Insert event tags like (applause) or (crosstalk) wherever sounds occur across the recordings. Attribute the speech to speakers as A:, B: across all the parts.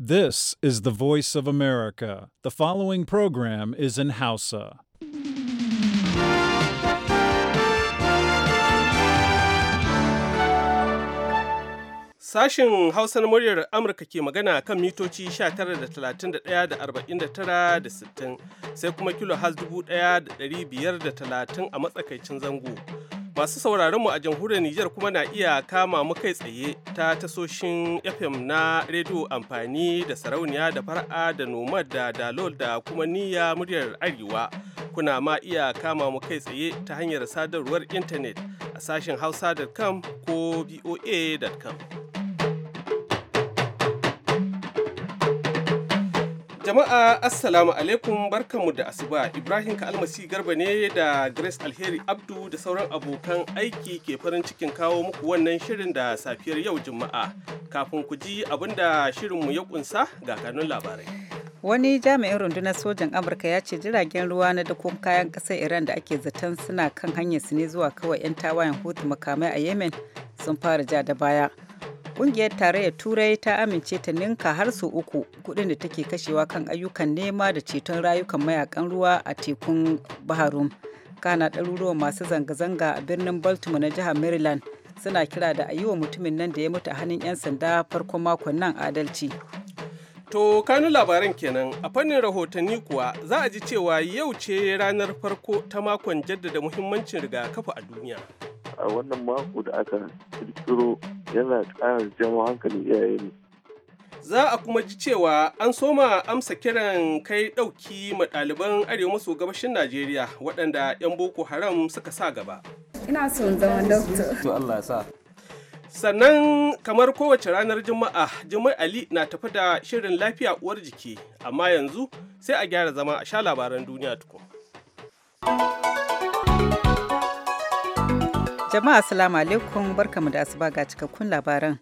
A: This is the voice of America. The following program is in Hausa.
B: Sashen Hausa na muryar Amurka ke magana kan mitoci 19.31.49.60 sai kuma kilo has 1,530 a matsakaicin zango. Masu sauraron mu a jamhuriyar Nijar kuma na iya kama mu kai tsaye ta tasoshin FM na rediyo amfani da sarauniya da far'a da nomad da dalol da kuma niyya muryar arewa. Kuna ma iya kama mu kai tsaye ta hanyar sadarwar intanet a sashen hausa.com ko voa.com. Jama'a Assalamu alaikum barkanmu da asuba Ibrahim Kalmasi Garba ne da Grace Alheri Abdu da sauran abokan aiki ke farin cikin kawo muku wannan shirin da safiyar yau Juma'a. Kafin ku ji abin da shirinmu ya kunsa ga kanun labarai.
A: Wani jami'in rundunar sojan Amurka ya ce jiragen ruwa na dakon kayan ƙasar Iran da ake zaton suna kan hanyar su ne zuwa kawai 'yan tawayen hutu makamai a Yemen sun fara ja da baya. kungiyar tarayyar turai ta amince ta ninka har su uku kudin da take kashewa kan ayyukan nema da ceton rayukan mayakan ruwa a tekun baharum kana ɗaruruwan masu zanga-zanga a birnin baltimore na jihar maryland suna kira da a yi mutumin nan da ya mutu a hannun 'yan sanda farkon makon nan adalci
B: To kano labaran kenan a fannin rahotanni kuwa za a ji cewa yau ce ranar farko ta makon jaddada muhimmancin rigakafi a duniya.
C: a wannan mako da aka kirkiro yana ƙara jama hankalin iyaye ne.
B: Za a kuma ji cewa an soma amsa kiran kai ɗauki ma ɗaliban arewa maso gabashin Najeriya waɗanda 'yan Boko Haram suka sa gaba.
D: Ina son zama doktor. Allah sa.
B: Sannan kamar kowace ranar Juma'a, Jummai Ali na tafi da shirin lafiya uwar jiki, amma yanzu sai a gyara zama a sha labaran duniya tukun.
A: Jama'a assalamu alaikum barkamu da asuba ga cikakkun labaran.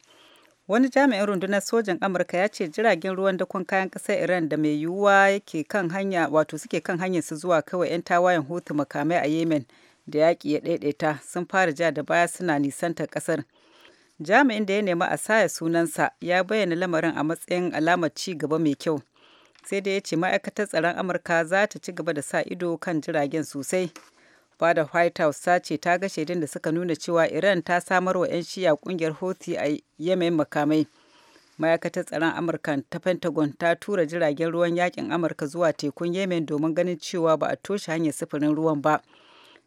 A: Wani jami'in rundunar sojan Amurka ya ce jiragen ruwan dakon kayan ƙasar Iran da mai yiwuwa yake kan hanya wato suke kan hanyar su zuwa kawai 'yan tawayen hutu makamai a Yemen da yaƙi ya ɗaiɗaita sun fara ja da baya suna nisanta ƙasar. Jami'in da ya nemi a saya sunansa ya bayyana lamarin a matsayin alamar ci gaba mai kyau. Sai da ya ce ma'aikatar tsaron Amurka za ta ci gaba da sa ido kan jiragen sosai. fada white house ta ce ta ga shaidun da suka nuna cewa iran ta samar wa 'yan shiya kungiyar houthi a yemen makamai ma'aikatar tsaron amurka ta pentagon ta tura jiragen ruwan yakin amurka zuwa tekun yemen domin ganin cewa ba a toshe hanyar sufurin ruwan ba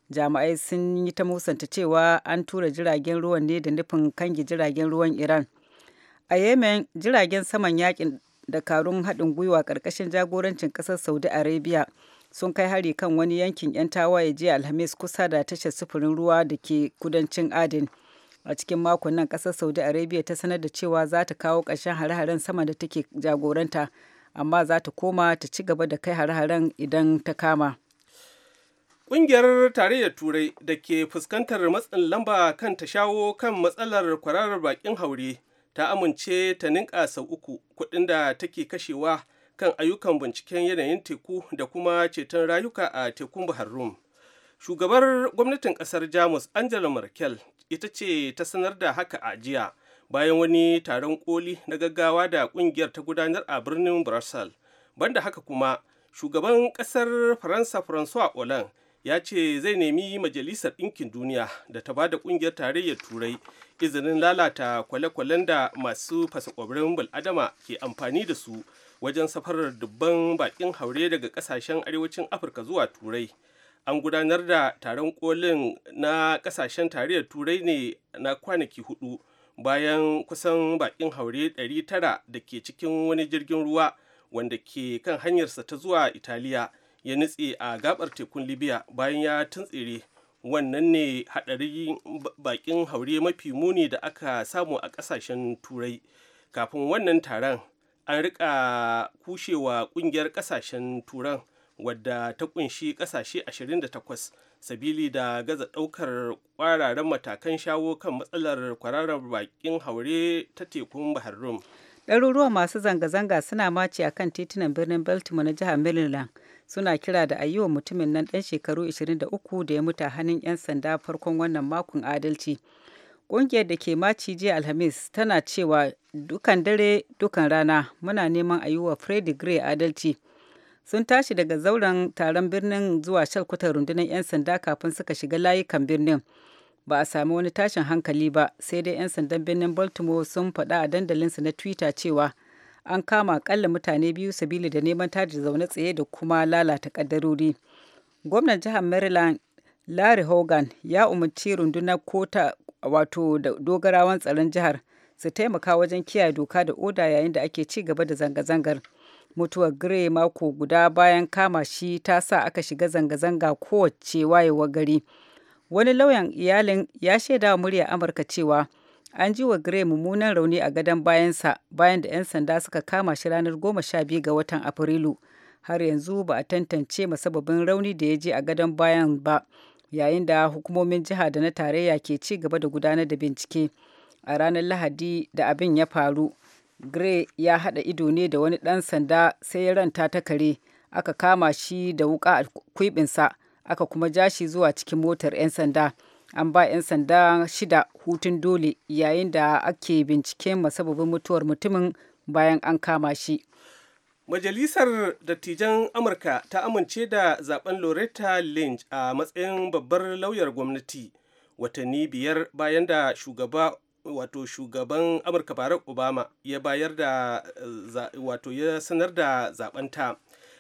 A: jami'ai sun yi ta musanta cewa an tura jiragen ruwan ne da nufin kange jiragen ruwan iran a yemen jiragen saman yakin da karun haɗin gwiwa ƙarƙashin jagorancin ƙasar saudi arabia sun kai hari kan wani yankin 'yan tawaye jiya alhamis kusa da tashar sufurin ruwa da ke kudancin adin a cikin makon nan kasar saudi arabia ta sanar da cewa za ta kawo ƙarshen hare-haren sama da take jagoranta amma za ta koma ta ci gaba da kai hare-haren idan ta kama
B: Ƙungiyar Tarayyar Turai da ke fuskantar matsin lamba kan ta shawo kan matsalar kwararar bakin haure ta amince ta ninka sau uku kuɗin da take kashewa kan ayyukan binciken yanayin teku da kuma ceton rayuka a tekun bahar rum shugabar gwamnatin ƙasar, jamus angela merkel ita ce ta sanar da haka a jiya bayan wani taron koli na gaggawa da ƙungiyar ta gudanar a birnin brussels banda haka kuma shugaban ƙasar faransa François hollande ya ce zai nemi majalisar ɗinkin duniya da ta bada ƙungiyar tarayyar turai izinin lalata kwale-kwalen da masu fasa ƙwabirin bil'adama ke amfani da su wajen safarar dubban bakin haure daga kasashen arewacin afirka zuwa turai an gudanar da taron kolin na kasashen tarayyar turai ne na kwanaki hudu bayan kusan bakin haure 900 da ke cikin wani jirgin ruwa wanda ke kan hanyarsa ta zuwa italiya ya nutse a gabar tekun libya bayan ya tuntsire wannan ne hadarin bakin haure mafi muni da aka samu a kasashen turai kafin wannan taron an rika kushewa kungiyar kasashen turan wadda ta kunshi kasashe 28 sabili da gaza daukar kwararen matakan shawo kan matsalar kwararar bakin haure ta tekun bahar rum
A: ɗaruruwa masu zanga-zanga suna mace a kan titunan birnin baltimore na jihar maryland suna kira da ayyuwa mutumin nan ɗan shekaru 23 da ya mutu a hannun 'yan sanda farkon wannan makon adalci ƙungiyar da ke maci jiya alhamis tana cewa dukan dare dukan rana muna neman a yi wa Freddie Gray adalci. Sun tashi daga zauren taron birnin zuwa shalkutar rundunar 'yan sanda kafin suka shiga layukan birnin. Ba a sami wani tashin hankali ba sai dai 'yan sandan birnin Baltimore sun faɗa a dandalinsu na Twitter cewa an kama akalla mutane biyu sabili da neman taji zaune tsaye da kuma lalata kaddarori. Gwamnan jihar Maryland Larry Hogan ya umarci rundunar kota wato dogarawan tsaron jihar su taimaka wajen kiyaye doka da oda yayin da ake ci gaba da zanga-zangar mutuwar gray mako guda bayan kama shi ta sa aka shiga zanga-zanga kowace wayewar gari wani lauyan iyalin ya shaida murya amurka cewa an ji wa gray mummunan rauni a gadon bayansa bayan da 'yan sanda suka kama shi ranar biyu ga watan afrilu har yanzu ba a tantance masababin rauni da ya je a gadon bayan ba yayin da hukumomin jiha da na tarayya ke ci gaba da gudanar da bincike a ranar Lahadi da abin ya faru. Gray ya haɗa ido ne da wani ɗan sanda sai ya ranta ta kare, aka kama shi da wuƙa a kwibinsa, aka kuma ja shi zuwa cikin motar 'yan sanda. An ba 'yan sanda shida hutun dole yayin da ake binciken masababin mutuwar mutumin bayan an kama shi.
B: Majalisar Dattijan Amurka ta amince da zaben Loretta Lynch a matsayin babbar lauyar gwamnati watanni biyar bayan da shugaba wato shugaban amurka barack obama ya bayar da eh, wato ya sanar da zabanta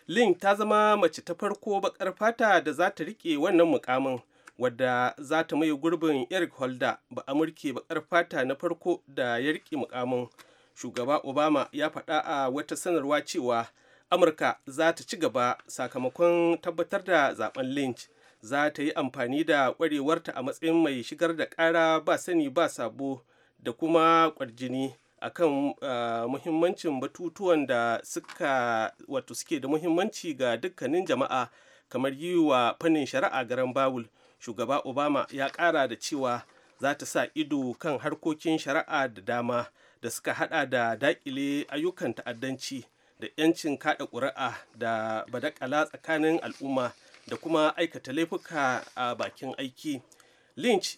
B: link ta zama mace ta farko bakar fata da za ta rike wannan mukamin wadda za ta mai gurbin eric holder ba amurke bakar fata na farko da ya rike mukamin shugaba obama ya faɗa a wata sanarwa cewa amurka za ta ci gaba sakamakon tabbatar da zaben lynch za ta yi amfani da kwarewarta a matsayin mai shigar da ƙara ba sani ba sabo da kuma ƙwarjini akan muhimmancin batutuwan da suka wato suke da muhimmanci ga dukkanin jama'a kamar yi wa fannin shari'a garan bawul shugaba obama ya ƙara da cewa za ta sa ido kan harkokin shari'a da dama da suka hada da dakile ayyukan ta'addanci da 'yancin kada ƙuri'a da badakala tsakanin al'umma da kuma aikata laifuka a bakin aiki lynch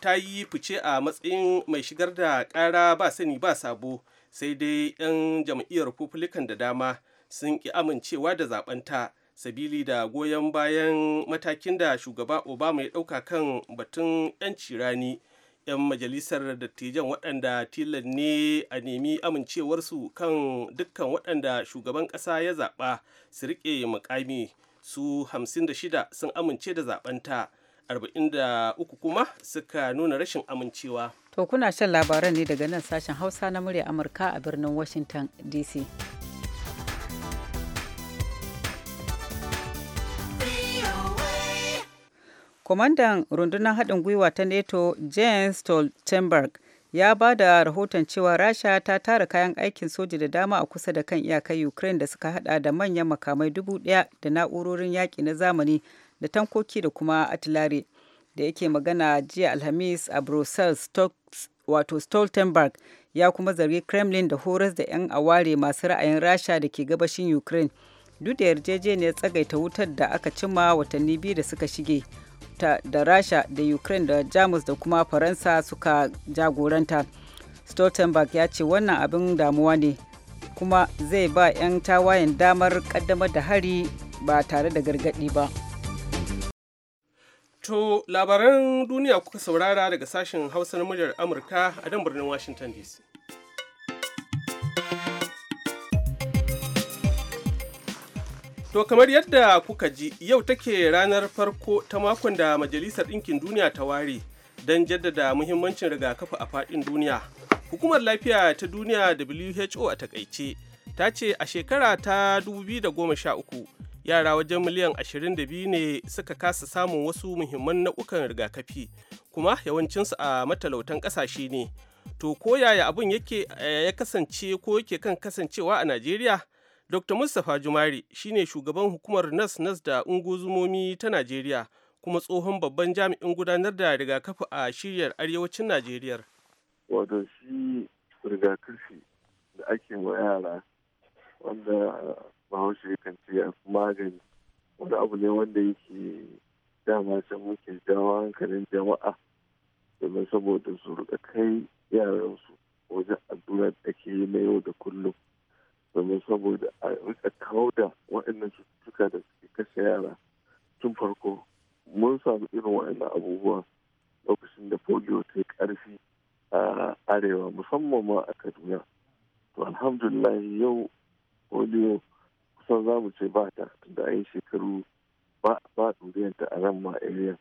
B: ta yi fice a matsayin mai shigar da kara ba sani ba sabo sai dai 'yan jam'iyyar republican da dama sun ki amincewa da zabanta sabili da goyon bayan matakin da shugaba obama ya ɗauka kan batun 'yanci rani 'yan majalisar dattijan waɗanda tilan ne a nemi amincewarsu kan dukkan waɗanda shugaban ƙasa ya zaɓa su riƙe mukami su 56 sun amince da zabanta 43 kuma suka nuna rashin amincewa
A: to kuna shan labaran ne daga nan sashen hausa na murya amurka a birnin washington dc kwamandan rundunar haɗin gwiwa ta nato james stoltenberg ya ba da rahoton cewa rasha ta tara kayan aikin soja da dama a kusa da kan iyakar ukraine da suka hada da manyan makamai dubu daya da na'urorin yaƙi na zamani da tankoki da kuma atilare da yake magana jiya alhamis a brussels wato stoltenberg ya kuma zargi kremlin da horas da 'yan aware masu ra'ayin rasha da ke gabashin ukraine duk da yarjejeniyar tsagaita wutar da aka cimma watanni biyu da suka shige ta da rasha da ukraine da jamus da kuma faransa suka jagoranta stoltenberg ya ce wannan abin damuwa ne kuma zai ba 'yan tawayen damar kaddamar da hari ba tare da gargadi ba
B: to labaran duniya kuka saurara daga sashen hausa na muryar amurka a dan birnin washington dc To kamar yadda kuka ji yau take ranar farko ta makon da Majalisar Ɗinkin Duniya ta ware don jaddada muhimmancin rigakafi a faɗin duniya. Hukumar Lafiya ta Duniya WHO a takaice ta ce a shekara ta 2013 yara wajen miliyan 22 ne suka kasa samun wasu muhimman nau'ukan rigakafi kuma yawancinsu a matalautan ƙasashe ne. To ko yaya abin yake eh, ya kasance ko yake kan kasancewa a Najeriya? Dr. Mustapha Jumari shine shugaban hukumar nas nas da unguzumomi ta Najeriya kuma tsohon babban jami'in gudanar da rigakafi a shiryar arewacin Najeriya.
C: Wato shi rigakafi da ake wa yara wanda bahaushe kan ce a magani wani abu ne wanda yake dama can muke jawo hankalin jama'a domin saboda su rika kai yaransu wajen addu'ar da ke na yau da kullum domin saboda a rika kawo da waɗannan cututtuka da suke kashe yara tun farko mun samu irin waɗannan abubuwa lokacin da polio ta yi ƙarfi a arewa musamman ma a kaduna to alhamdulillah yau polio kusan za mu ce ba ta da a yi shekaru ba ba ta a ran ma area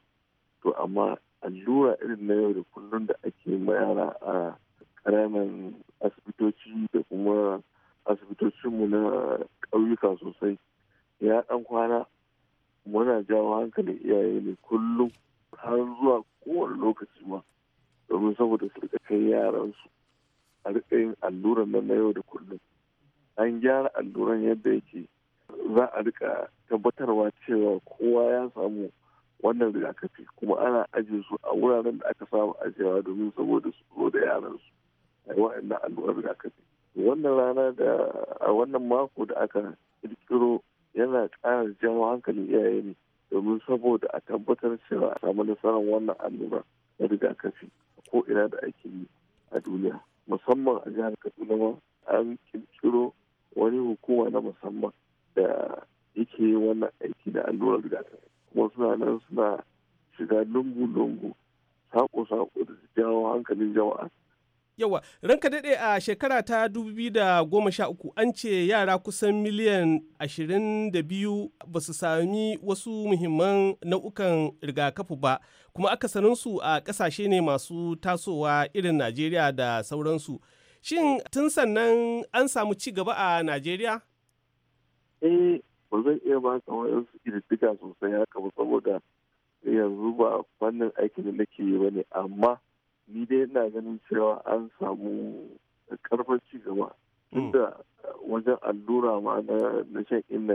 C: to amma allura irin na yau da kullum da ake ma yara a ƙaramin asibitoci da kuma asibitocinmu na ƙauyuka sosai ya ɗan kwana muna jawo hankali iyaye ne kullum har zuwa kowane lokaci ma domin saboda su kai yaransu a rika yin alluran nan na yau da kullum an gyara alluran yadda yake za a rika tabbatarwa cewa kowa ya samu wannan rigakafi kuma ana ajiye su a wuraren da aka samu ajiyewa domin saboda su da yaransu a yi wa'annan alluran rigakafi wannan rana da a wannan mako da aka kirkiro yana ƙara jawo hankalin iyaye ne domin saboda a tabbatar cewa a samu nasarar wannan allura na rigakafi ko ina da ake yi a duniya musamman a jihar kaduna ma an kirkiro wani hukuma na musamman da yake yi wannan aiki da allurar rigakafi kuma suna nan suna shiga lungu-lungu saƙo-saƙo da jawo hankalin jama'a
B: Yawa, ranka daɗe a shekara ta 2013 an ce yara kusan miliyan 22 ba su sami wasu muhimman nau'ukan rigakafi ba, kuma aka su a kasashe ne masu tasowa irin Najeriya da sauransu. Shin tun sannan an samu ci gaba a Najeriya?
C: Eh, ba zan iya ba ka wayansu ƙididdiga sosai haka ba saboda yanzu ba fannin aikin da nake yi ba ne, amma ni dai ina ganin cewa an samu karfin ci gaba hmm. tunda wajen allura ma na shan inna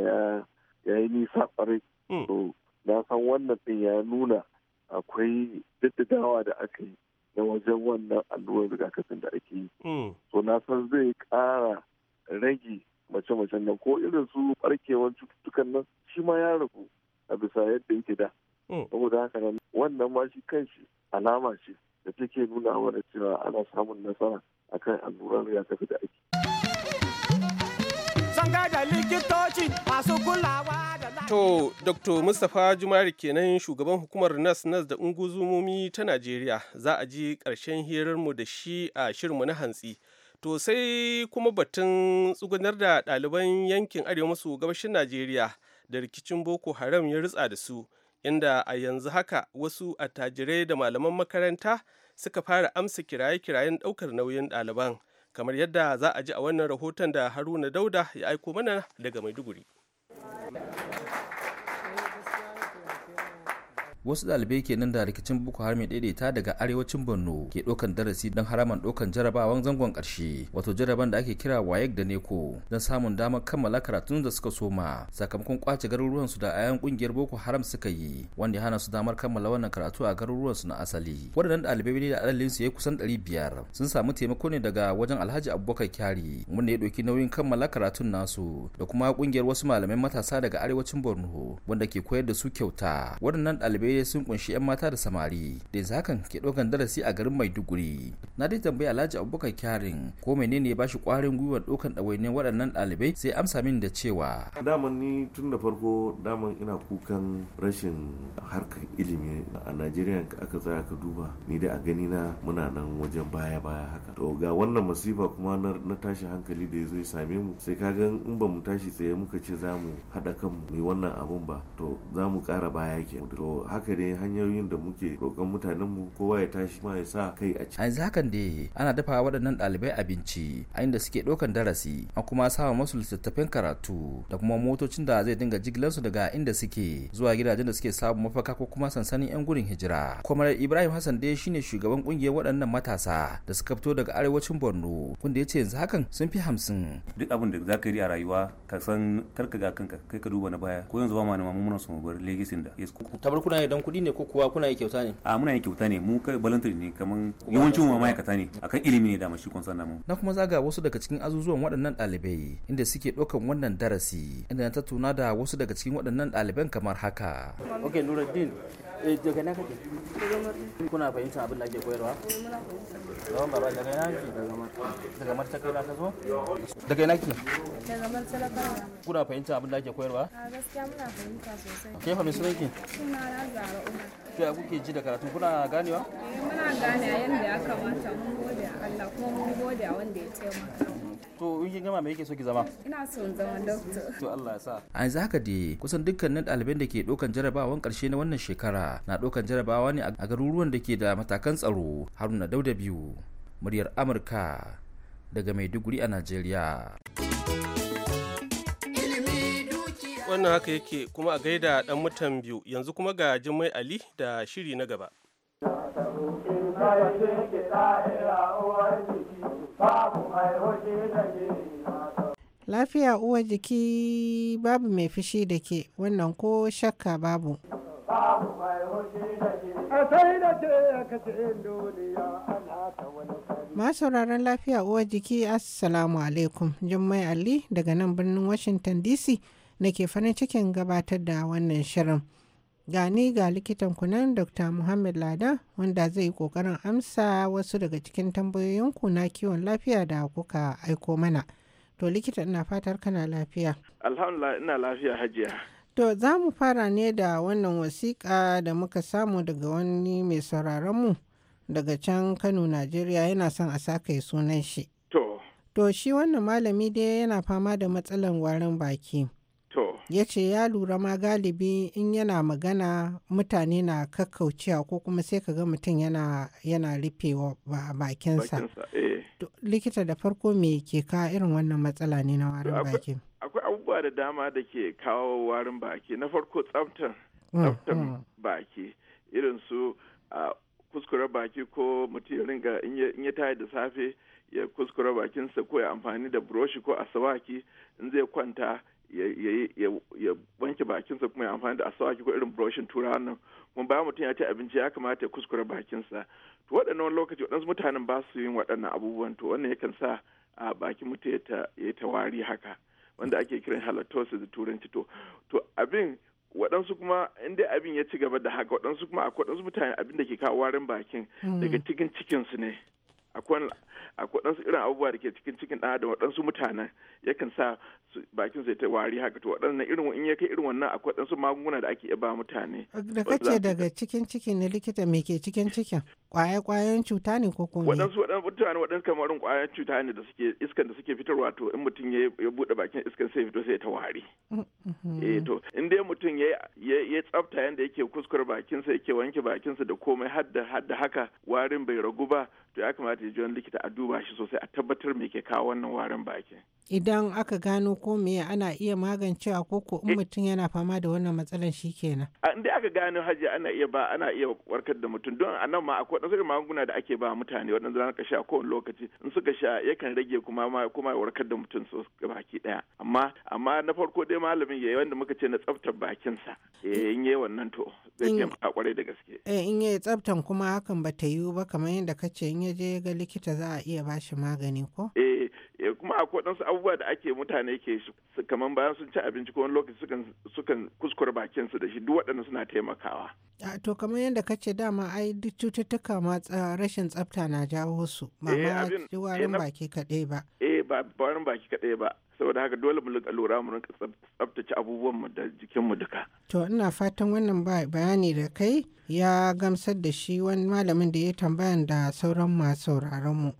C: ya yi nisa kwarai hmm. to na san wannan din ya nuna akwai daddadawa da aka yi na wajen wannan allurar rigakafin da ake yi hmm. to na san zai kara rage mace-macen nan ko irin su barkewar cututtukan nan shi ma ya ragu a bisa yadda yake da saboda haka nan wannan ma shi kanshi alama ce da take nuna mana cewa ana samun nasara akan alluran rigakafi da ake.
B: da likitoci masu
E: kulawa da
B: To, Dr. Mustapha Jumari kenan shugaban hukumar nas nas da unguzumomi ta Najeriya za a ji ƙarshen hirarmu da shi a shirinmu na hantsi. To sai kuma batun tsugunar da ɗaliban yankin arewa maso gabashin Najeriya da rikicin Boko Haram ya ritsa da su. inda a yanzu haka wasu attajirai da malaman makaranta suka fara amsa kiraye-kirayen ɗaukar nauyin ɗaliban kamar yadda za a ji a wannan rahoton da haruna dauda ya aiko mana daga maiduguri
D: wasu ɗalibai nan da rikicin boko haram ya daidaita daga arewacin borno ke ɗaukan darasi don haraman ɗaukan jarabawan zangon ƙarshe wato jaraban da ake kira wayek da neko don samun damar kammala karatun da suka soma sakamakon kwace garuruwan su da ayan ƙungiyar boko haram suka yi wanda ya hana su damar kammala wannan karatu a garuruwan su na asali waɗannan ɗalibai da adalin su ya kusan ɗari biyar sun samu taimako ne daga wajen alhaji abubakar kyari wanda ya ɗauki nauyin kammala karatun nasu da kuma ƙungiyar wasu malamai matasa daga arewacin borno wanda ke koyar da su kyauta waɗannan ɗalibai ɗalibai sun kunshi 'yan mata da samari da yanzu hakan ke ɗaukan darasi a garin maiduguri na dai tambaya alhaji abubakar kyarin ko menene ya bashi kwarin gwiwar ɗaukan ɗawainiyar waɗannan ɗalibai sai amsa min da cewa daman ni tun da farko daman ina kukan rashin harkar ilimi a najeriya aka tsaya ka duba ni da a gani na muna nan wajen baya baya haka to ga wannan masifa kuma na tashi hankali da ya zo ya same mu sai ka ga in ba mu tashi tsaye muka ce za mu haɗa kanmu mai wannan abun ba to za mu ƙara baya ke to haka ne hanyoyin da muke roƙon mutanenmu kowa ya tashi ma ya sa kai a ciki. yanzu hakan dai ana dafa waɗannan ɗalibai abinci a inda suke ɗaukan darasi a kuma sawa masu littattafan karatu da kuma motocin da zai dinga su daga inda suke zuwa gidajen da suke samun mafaka ko kuma sansanin 'yan gurin hijira. Kuma ibrahim hassan dai shine shugaban ƙungiyar waɗannan matasa da suka fito daga arewacin borno kunda ya ce yanzu hakan sun fi hamsin. duk abin da za ka yi a rayuwa ka san karka ga kanka kai ka duba na baya ko yanzu ba ma na muna su mu bar legisin da. tabar don kuɗi ne ko kuwa kuna yi kyauta ne a muna yi kyauta ne mu kai voluntary ne kaman yawancin mu ma'aikata ne akan ilimi ne da mu shi kun sanna mu na kuma zaga wasu daga cikin azuzuwan waɗannan ɗalibai inda suke ɗaukan wannan darasi inda na tattauna da wasu daga cikin waɗannan ɗaliban kamar haka okay Nuruddin eh daga na kake kuna fahimta abin da ake koyarwa yawan baba daga ina ki daga mar daga mar ta zo daga ina ki daga mar talakawa kuna fahimta abin da ake koyarwa
A: a gaskiya muna fahimta sosai ke fa mai sunanki sunana
D: To ya kuke ji da karatu kuna ganewa? Muna
A: gane yadda ya kamata mun gode a Allah kuma mun gode a wanda ya taimaka.
D: To in kin gama me yake so ki zama?
A: Ina son zama
D: doctor. To Allah ya sa. A yanzu haka dai kusan dukkanin ɗaliban da ke ɗaukan jarabawan ƙarshe na wannan shekara na ɗaukan jarabawa ne a garuruwan da ke da matakan tsaro Haruna Dauda biyu muryar Amurka
B: daga Maiduguri
D: a Najeriya.
B: wannan haka yake kuma a gaida dan mutan biyu yanzu kuma ga jimai ali da shiri na gaba
E: lafiya uwar jiki babu mai fushi da ke wannan ko shakka babu
C: babu mai da ke ce ana ta wani
E: sauraron lafiya uwar jiki Assalamu alaikum. Jummai Ali daga nan birnin Washington DC Na ke farin cikin gabatar da wannan shirin. Gani ga likitan kunan Dr. Muhammad Lada wanda zai yi kokarin amsa wasu daga cikin tambayoyinku na kiwon lafiya da kuka aiko mana. To likita ina fatar kana lafiya.
F: Alhamdulillah ina lafiya hajiya.
E: To za mu fara ne da wannan wasiƙa da muka samu daga wani mai sauraronmu daga can Kano, Najeriya yana son a sake sunan shi. To. To shi wannan malami dai yana fama da matsalan warin baki. ya ce ya lura ma galibi in yana magana mutane na kakkaucewa ko kuma sai ka ga mutum yana yana rufe bakinsa eh. likita da farko me ke ka irin wannan matsala ne na warin baki
F: akwai abubuwa da dama da ke kawo warin baki na farko tsaftar
C: mm, mm.
F: baki irin su kuskure baki ko mutum ya ringa in ya tayi da safe ya kuskura bakinsa ko ya amfani da buroshi ko asawaki in zai kwanta ya wanke bakinsa kuma ya amfani da asawaki ko irin broshin turawa nan kuma ba mutum ya ci abinci ya kamata ya kuskure bakinsa to waɗannan wani lokaci waɗansu mutanen ba su yin waɗannan abubuwan to wannan yakan sa a bakin mutum ya yi ta wari haka wanda ake kiran halatosis da turanci to to abin waɗansu kuma in dai abin ya ci gaba da haka waɗansu kuma akwai waɗansu mutane abin da ke kawo warin bakin hmm. daga cikin cikinsu ne akwai akwai waɗansu irin abubuwa da ke cikin cikin ɗan adam waɗansu mutanen yakan sa bakin zai ta wari haka to waɗannan irin in ya kai irin wannan akwai waɗansu magunguna da ake ba mutane.
E: Da kace daga cikin ciki ne likita me ke cikin cikin kwaye kwayen cuta ne ko kuma. Waɗansu
F: waɗansu mutane waɗansu kamarin kwayan cuta ne da suke iskan da suke fitarwa to in mutum ya buɗe bakin iskan sai fito sai ta wari. Mm-hmm. Eh to in dai mutum ya ya tsafta yanda yake kuskure bakinsa yake wanke bakinsa da komai hadda hadda haka warin bai ragu ba to ya kamata ya ji wani likita a duba shi sosai a tabbatar me ke kawo wannan warin bakin
E: idan aka gano ko me ana iya magancewa ko ko in eh. mutum yana fama da wannan matsalar shi kenan.
F: in aka gano haji ana iya ba ana iya warkar da mutum don a nan ma akwai ɗansu magunguna da ake ba mutane waɗanda za ka sha wani lokaci in suka sha yakan rage kuma ma kuma warkar da mutum su baki ɗaya amma amma na farko dai malamin ya yi wanda muka ce na tsaftar bakinsa eh, in yi wannan to zai a kwarai da gaske.
E: Eh, in yayi tsaftan kuma hakan ba ta yiwu ba kamar yadda ka ce in ya je ga likita za a iya ba shi magani ko.
F: eh Eh, kuma akwai ɗansu abubuwa da ake mutane ke kamar bayan sun ci abinci ko wani lokaci sukan sukan kuskure bakin su da shi duk waɗannan suna taimakawa
E: to kamar yadda kace dama ai duk cututtuka ma rashin tsafta na jawo su ba eh, ma eh, warin baki kaɗai
F: ba eh ba warin baki kaɗai ba saboda haka dole mu rika lura mu rinka tsaftace abubuwan mu da jikin mu duka
E: to ina fatan wannan bayani da kai ya gamsar da shi wani malamin da ya tambayan da sauran masu sauraron mu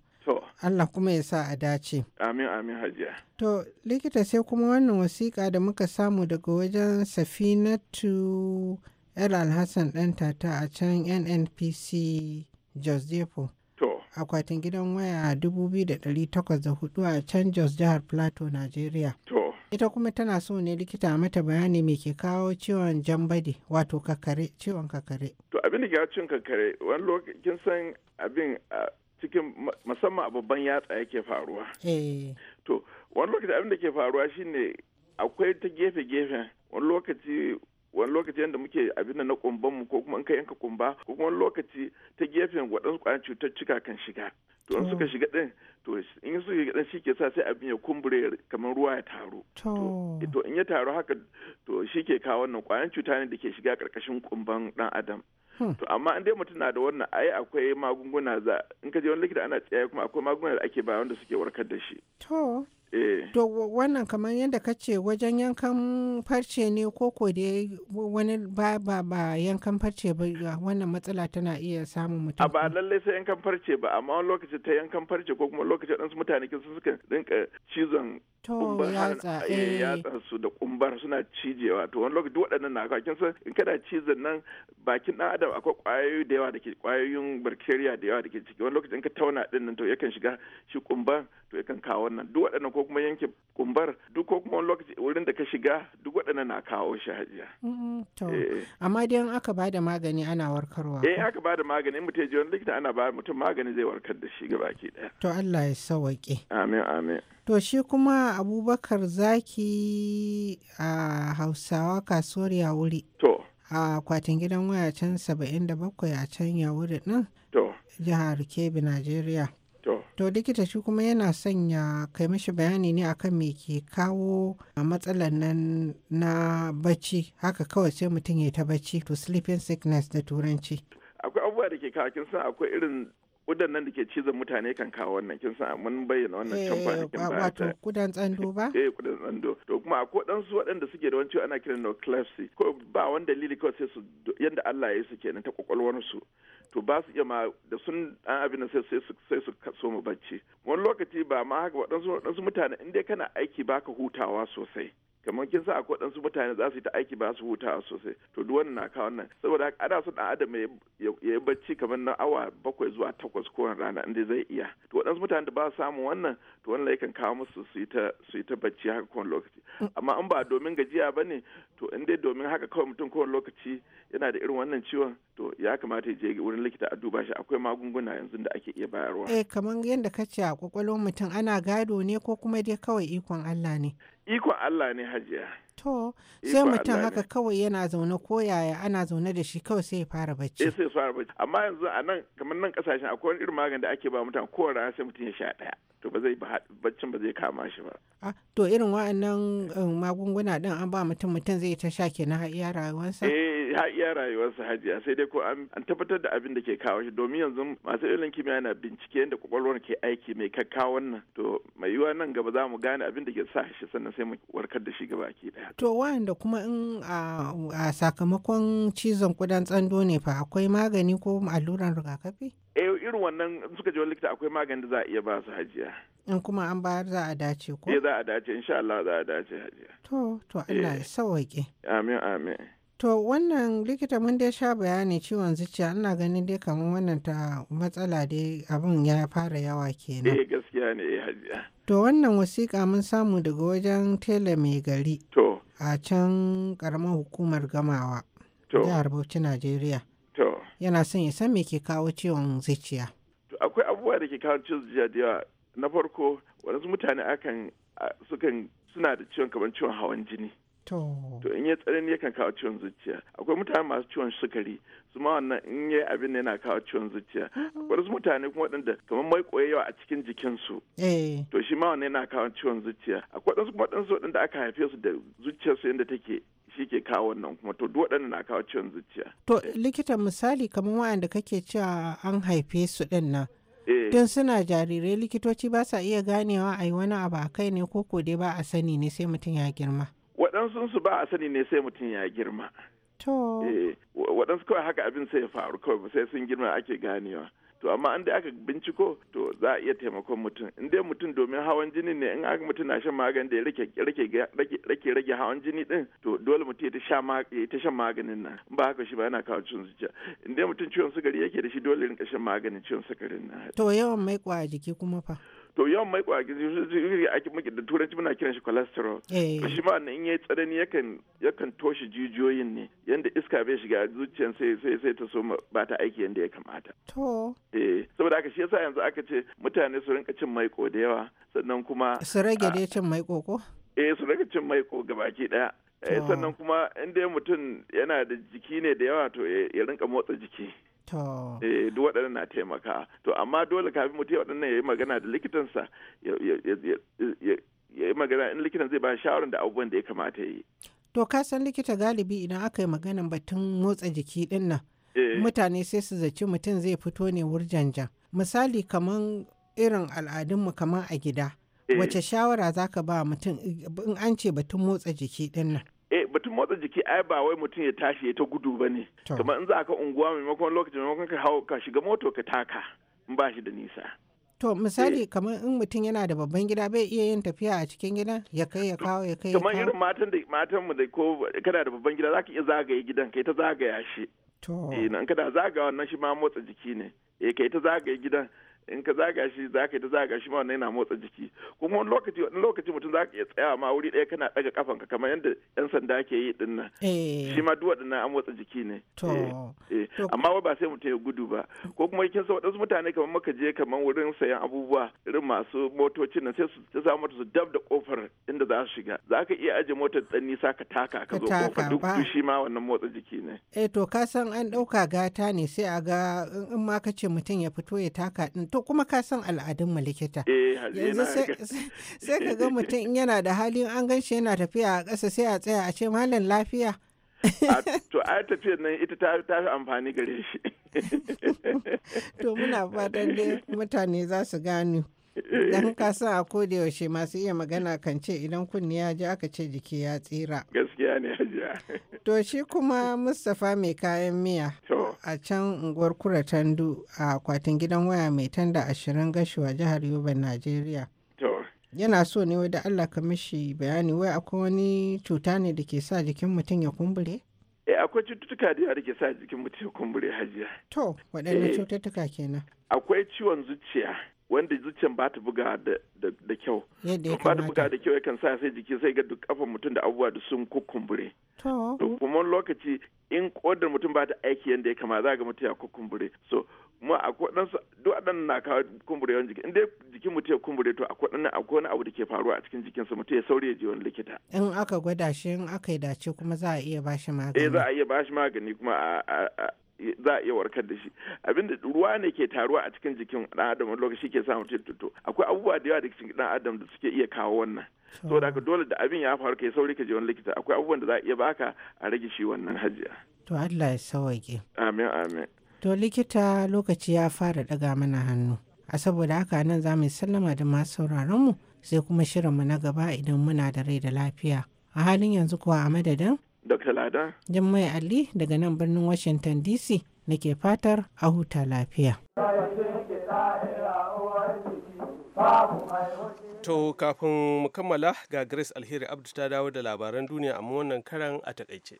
E: Allah kuma ya sa a dace.
F: Amin amin hajiya.
E: To likita sai kuma wannan wasiƙa da muka samu daga wajen Safinatu El Alhassan ɗan tata a can NNPC Jos Depo. To. Akwatin gidan waya da hudu a can Jos Jihar Plateau, Najeriya. To. Ita kuma tana so ne likita a mata bayani me ke kawo ciwon jambadi wato kakare ciwon kakare.
F: To abin da ke ciwon kakare wani lokacin san abin ah, cikin musamman a babban yatsa yake faruwa eh. to wani lokaci abin da ke faruwa shine akwai ta gefe-gefen wani lokaci wani lokaci yadda muke abin da na kumban mu ko kuma in ka yanka kumba ko kuma wani lokaci ta gefen waɗansu ƙwayan cututtuka kan shiga to in suka shiga ɗin, to in suka shiga shi ke sa sai abin ya kumbure kamar ruwa ya taru to in ya taru haka to shi ke kawo wannan ƙwayan cuta ne da ke shiga ƙarƙashin kumban ɗan adam to amma an dai mutum na da wannan ai akwai magunguna za in ka je wani likita ana tsaye kuma akwai magunguna da ake ba wanda suke warkar da shi to eh.
E: to wannan kamar yadda ka ce wajen yankan farce ne ko ko da wani ba ba ba yankan farce ba wannan matsala tana iya samun
F: mutum a ba lallai sai yankan farce ba amma wani lokaci ta yankan farce ko kuma lokacin ɗansu mutane kin suka dinka cizon to yatsa eh yatsa su da kumbar suna cijewa to wani lokaci waɗannan na kin kinsa in kada cizon nan bakin ɗan adam akwai kwayoyi da yawa da ke ƙwayoyin bacteria da yawa da ke ciki wani lokaci in ka tauna ɗin nan to yakan shiga shi kumbar to yakan kawo wannan duk waɗannan ko kuma yanke kumbar duk ko kuma wani lokaci wurin da ka shiga duk waɗannan na kawo shi hajiya. to eh.
E: amma dai in aka ba da magani ana warkarwa. eh aka
F: ba da magani in mutum ya je wani likita ana ba mutum magani zai warkar da shi gaba ki ɗaya.
E: to Allah ya sawaƙe.
F: amin amin.
E: To shi kuma Abubakar Zaki a Hausawa kasuwar Yawuri. To. A kwatin gidan waya can 77 a can Yawuri ɗin. To. Jihar Kebbi, Najeriya. To. To likita shi kuma yana sanya kai mishi bayani ne akan me ke kawo a matsalar nan na bacci haka kawai sai mutum ya ta bacci to sleeping sickness da turanci.
F: Akwai abubuwa da ke kakin akwai irin kudan nan da ke cizon mutane kan kawo wannan kin san mun bayyana wannan can ba eh, baya wato
E: kudan tsando ba (laughs)
F: eh kudan tsando to kuma akwai dan su waɗanda suke da wancan ana kiran noclepsy ko ba wanda dalili kawai sai su yanda Allah ya yi su kenan ta kwakwalwar su to ba su iya ma da sun an abin da sai su sai su kaso mu bacci wani lokaci ba ma haka waɗansu waɗansu mutane in dai kana aiki baka hutawa sosai kamar kin sa akwai ɗansu mutane za su yi ta aiki ba su huta sosai to duk wannan na kawo nan saboda ana son ɗan adam ya yi bacci kamar na awa bakwai zuwa takwas wani rana inda zai iya to waɗansu mutane da ba su samun wannan to wannan yakan kawo musu su yi ta su yi ta bacci haka kowane lokaci amma in ba domin gajiya ba ne to in dai domin haka kawai mutum kowane lokaci yana da irin wannan ciwon to ya kamata ya je wurin likita a duba shi akwai magunguna yanzu da ake iya bayarwa eh
E: kamar yadda ka ce a kwakwalwar mutum ana gado ne ko kuma dai kawai ikon Allah ne
F: ikon Allah ne hajiya to sai mutum haka
E: kawai yana zaune ko yaya ana zaune da shi kawai sai ya fara bacci
F: eh sai ya fara bacci amma yanzu a nan kamar nan kasashen akwai wani irin magani da ake ba mutum ko rana sai mutum ya sha daya to ba zai baccin ba zai kama shi ba
E: to irin wa'annan eh, magunguna din an ba mutum mutum zai ta sha kenan har iya rayuwarsa eh har
F: iya rayuwarsa hajiya sai dai ko an tabbatar da abin da ke kawo shi domin yanzu masu ilimin kimiyya na bincike da kwakwalwar ke aiki mai kakkawa nan to mai yiwuwa nan gaba za mu gane abin da ke sa shi sannan sai mu warkar da shi gaba ki
E: daya. To wanda kuma in a sakamakon cizon kudan tsando ne fa akwai magani ko alluran rigakafi?
F: Eh irin wannan suka je likita akwai magani da za a iya ba su hajiya.
E: In kuma an bayar za a dace ko? Eh
F: za a dace insha Allah za a dace hajiya.
E: To to Allah eh.
F: ya Amin amin.
E: To wannan likita mun dai sha bayani ciwon zuciya ina ganin dai kamar wannan ta matsala dai abin ya fara yawa kenan.
F: Eh gaskiya ne eh
E: To wannan wasiƙa mun samu daga wajen tela mai gari. To. A can ƙaramar hukumar gamawa. To. Jihar Bauchi Najeriya. To. Yana son ya san me ke kawo ciwon zuciya.
F: To akwai abubuwa da ke kawo ciwon zuciya da yawa. Na farko wadansu mutane akan sukan suna da ciwon kamar ciwon hawan jini. To in ya tsanani yakan kawo ciwon zuciya. Akwai mutane masu ciwon sukari su ma wannan in ya abin da yana kawo ciwon zuciya. Akwai wasu mutane kuma waɗanda kamar mai yawa a cikin jikinsu. Eh. To shi ma wannan yana kawo ciwon zuciya. Akwai wasu kuma waɗansu waɗanda aka haife su da zuciyarsu yadda take shi ke kawo wannan kuma to duk waɗanda na kawo ciwon zuciya.
E: To likita misali kamar waɗanda kake cewa an haife su ɗin nan. Tun eh. suna jarirai likitoci ba sa iya ganewa a yi wani abu a kai ne ko ko dai ba a sani ne sai mutum ya girma.
F: sun su ba a sani ne sai mutum ya girma
E: to eh,
F: waɗansu kawai haka abin sai ya faru kawai ba sai sun girma ake ganewa to amma an dai aka binciko to za a iya taimakon mutum in dai mutum domin hawan jini ne in aka mutum na shan magani da ya rage hawan jini din to dole mutum ya ta shan maganin nan in ba haka shi ba yana kawo ciwon zuciya in dai mutum ciwon sukari yake da shi dole rinka shan maganin ciwon sukarin nan to
E: yawan mai kwa jiki kuma fa
F: to yawan mai kwa ake muke da turanci muna kiran shi cholesterol to eh. shi ma in yayi tsanani yakan yakan toshe jijiyoyin ne yanda iska bai shiga zuciyan sai sai sai ta so ba ta aiki yanda ya kamata to eh saboda haka shi yasa yanzu aka ce mutane su rinka cin maiko da yawa sannan kuma su rage dai
E: cin mai ko
F: eh su rage cin maiko gabaki daya eh, sannan kuma inda dai mutum yana da jiki ne da yawa to ya rinka motsa jiki e duk waɗannan na taimaka to amma dole kafin mutum waɗannan ya yi magana da likitansa ya yi magana in likitan zai ba shawarar da abubuwan da ya kamata ya yi
E: to ka san likita galibi idan aka yi maganan batun motsa jiki din nan eh. mutane sai su zaci mutum zai fito ne wurjanjan misali kaman irin al'adunmu kaman a gida eh. wace shawara za ka ba mutum in an ce batun motsa jiki din nan
F: batun motsa jiki ai ba wai mutum ya tashi ya ta gudu ba ne kamar in za ka unguwa maimakon lokacin maimakon ka hau ka shiga moto ka taka in ba shi da nisa
E: to misali eh. kamar in mutum yana da babban gida bai iya yin tafiya a cikin gida ya kai ya kawo ya kai ya kawo kamar irin
F: matan da matan mu da ko kana da babban gida zaka iya zagaye gidan kai ta zagaya shi to eh nan kada zagawa wannan shi ma motsa jiki ne eh kai ta zagaye gidan in ka zaga shi za ka yi ta zaga shi ma wannan yana motsa jiki kuma wani lokaci wani lokaci mutum za ka iya tsaya ma wuri ɗaya kana ɗaga kafan ka kamar yadda yan sanda ke yi din nan eh. shi ma din nan an motsa jiki ne eh, eh. amma wai ba sai mutum ya gudu ba ko kuma kin san waɗansu mutane kamar maka je kamar wurin sayan abubuwa irin masu motocin nan sai su sa mota su dab da kofar inda za su shiga za ka iya ajiye motar tsan nisa ka taka ka zo kofar duk shi ma wannan motsa jiki ne
E: eh to ka san an ɗauka gata ne sai a ga in ma ka ce mutum ya fito ya taka ɗin to kuma ka san al'adun mu likita eh, yanzu sai ka ga mutum in yana da hali an gan shi yana tafiya a ƙasa sai a tsaya a ce malam lafiya
F: to a tafiyar nan ita ta ta amfani gare shi (laughs)
E: to muna fatan dai mutane za su gane dan ka san a koda yaushe masu iya magana kan ce idan kunni ya ji aka ce jiki ya tsira
F: gaskiya ne
E: to shi kuma mustafa mai kayan miya a can unguwar kura tandu a akwatin gidan waya mai tanda ashirin gashuwa jihar yobe najeriya yana so ne da allah ka mishi bayani wai akwai wani cuta ne da ke sa jikin mutum ya kumbure
F: eh akwai cututtuka da yawa da ke sa jikin mutum ya kumbure hajiya
E: to waɗanne eh. cututtuka kenan
F: akwai ciwon zuciya wanda zuciyan ba ta buga da kyau
E: ba ta buga
F: da kyau yakan sa sai jiki sai ga duk kafa mutum da abubuwa da sun kukumbure. to kuma lokaci in kodar mutum ba ta aiki yadda ya kama za ga mutum ya kukumbure so mu a kodansu duk waɗannan na kawo kumburewan jiki in dai jikin mutum ya kumbure to a kodannan akwai wani abu da ke faruwa a cikin jikinsa mutum ya saurin ya je wani likita
E: in aka gwada shi in aka yi dace kuma za a iya bashi magani eh za
F: a iya bashi magani kuma za a iya warkar da shi abin da ruwa ne ke taruwa a cikin jikin dan adam wani lokaci ke sa mutum akwai abubuwa da yawa da cikin dan adam da suke iya kawo wannan so da dole da abin ya faru kai sauri ka je wani likita akwai abubuwan da za a iya baka a rage shi wannan hajiya
E: to Allah ya sauke
F: amin amin
E: to likita lokaci ya fara daga mana hannu a saboda haka nan za mu sallama da masu sauraron mu sai kuma shirinmu na gaba idan muna da rai da lafiya a halin yanzu kuwa a madadin
F: Dr. Lada.
E: Jummai Ali daga nan birnin Washington DC nake fatar a huta lafiya.
B: To kafin mu kammala ga Grace Alheri Abdu ta dawo da labaran duniya amma wannan karan a takaice.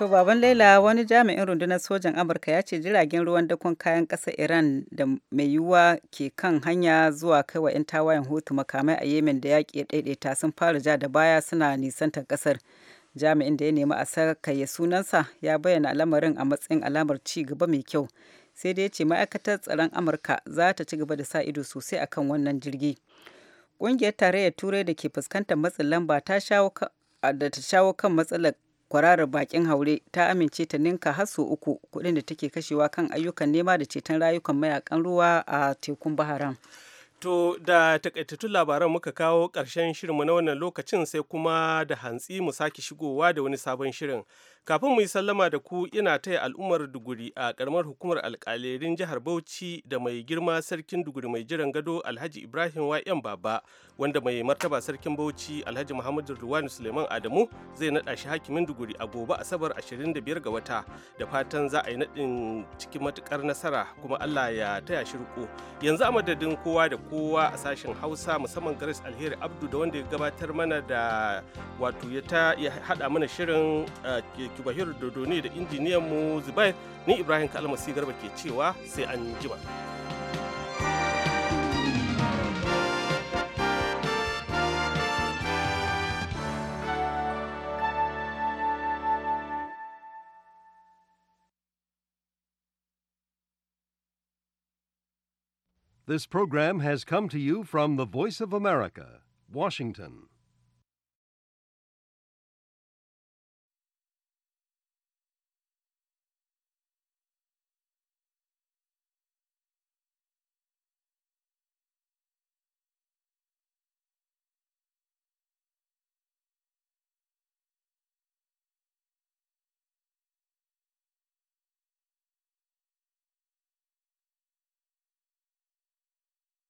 A: To baban Laila wani jami'in rundunar sojan Amurka ya ce jiragen ruwan dakon kayan ƙasar Iran da mai yiwuwa ke kan hanya zuwa kai wa 'yan tawayen hutu makamai a Yemen da yaƙi ya ɗaiɗaita sun fara ja da baya suna nisantar ƙasar. Jami'in da ya nemi a ya sunansa ya bayyana lamarin a matsayin alamar ci gaba mai kyau. Sai dai ya ce ma'aikatar tsaron Amurka za ta ci gaba da sa ido sosai akan wannan jirgi. Ƙungiyar tarayyar Turai da ke fuskantar matsin lamba da ta shawo kan matsalar kwararar bakin haure ta amince ta ninka har sau uku kuɗin da take kashewa kan ayyukan nema da ceton rayukan mayakan ruwa a tekun baharan
B: To da takaitattun labaran muka kawo ƙarshen shirinmu na wannan lokacin sai kuma da hantsi mu sake shigowa da wani sabon shirin. Kafin mu yi sallama da ku ina taya al'ummar Duguri a karamar hukumar alkalerin jihar Bauchi da mai girma sarkin Duguri mai jiran gado Alhaji Ibrahim Wa'yan Baba wanda mai martaba sarkin Bauchi Alhaji Muhammadu Ruwanu Suleiman Adamu zai naɗa shi hakimin Duguri a gobe Asabar 25 ga wata da fatan za a yi naɗin cikin matukar nasara kuma Allah ya taya shi riko. Yanzu a madadin kowa da kowa a sashen Hausa musamman Grace Alheri Abdu da wanda ya gabatar mana da wato ya haɗa mana shirin eh, da injiniyan mu Zubair ni Ibrahim Garba ke cewa sai an jima.
A: This program has come to you from the Voice of America, Washington.